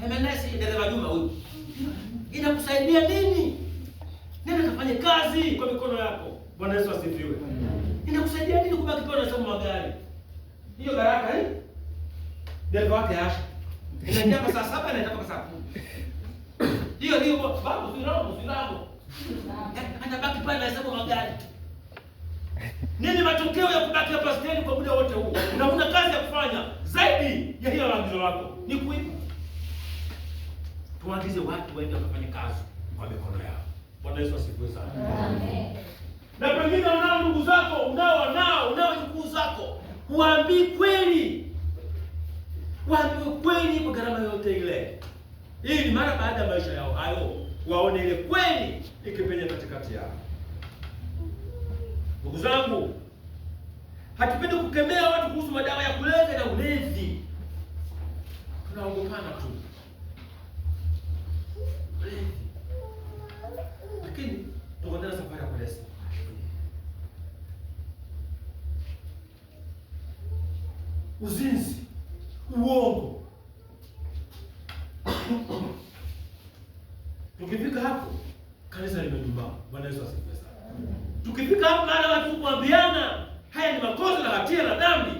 MNS dereva Juma huyu inakusaidia nini? Nenda kafanye kazi kwa mikono yako. Bwana Yesu asifiwe. Inakusaidia nini kubaki pale unasoma magari? Hiyo baraka eh? Dereva wake acha. Inaenda kwa saa saba na inatoka saa kumi. Hiyo hiyo si babu sirabu sirabu. Anabaki pale anasoma magari. Nini matokeo ya kubaki hapa stendi kwa muda wote huu? Unaona kazi ya kufanya zaidi ya hiyo maagizo yako. Ni kuipa tuagize watu waende wakafanye kazi kwa mikono yao. Bwana Yesu asifiwe sana. Na pengine unao ndugu zako, unao wanao, unao ndugu zako, waambii kweli, waambii kweli kwa gharama yote ile, hii ni mara baada ya maisha yao hayo, waone ile kweli ikipenya katikati yao. Ndugu zangu, hatupendi kukemea watu kuhusu madawa ya kulevya na ulezi tunaogopana tu lakini tukaendelea safari ya kulesa. Uzinzi, uongo. Tukifika hapo kanisa limejumbama. Bwana Yesu asifiwe sana. Tukifika hapo baada ya kukuambiana haya ni makosa na hatia na dhambi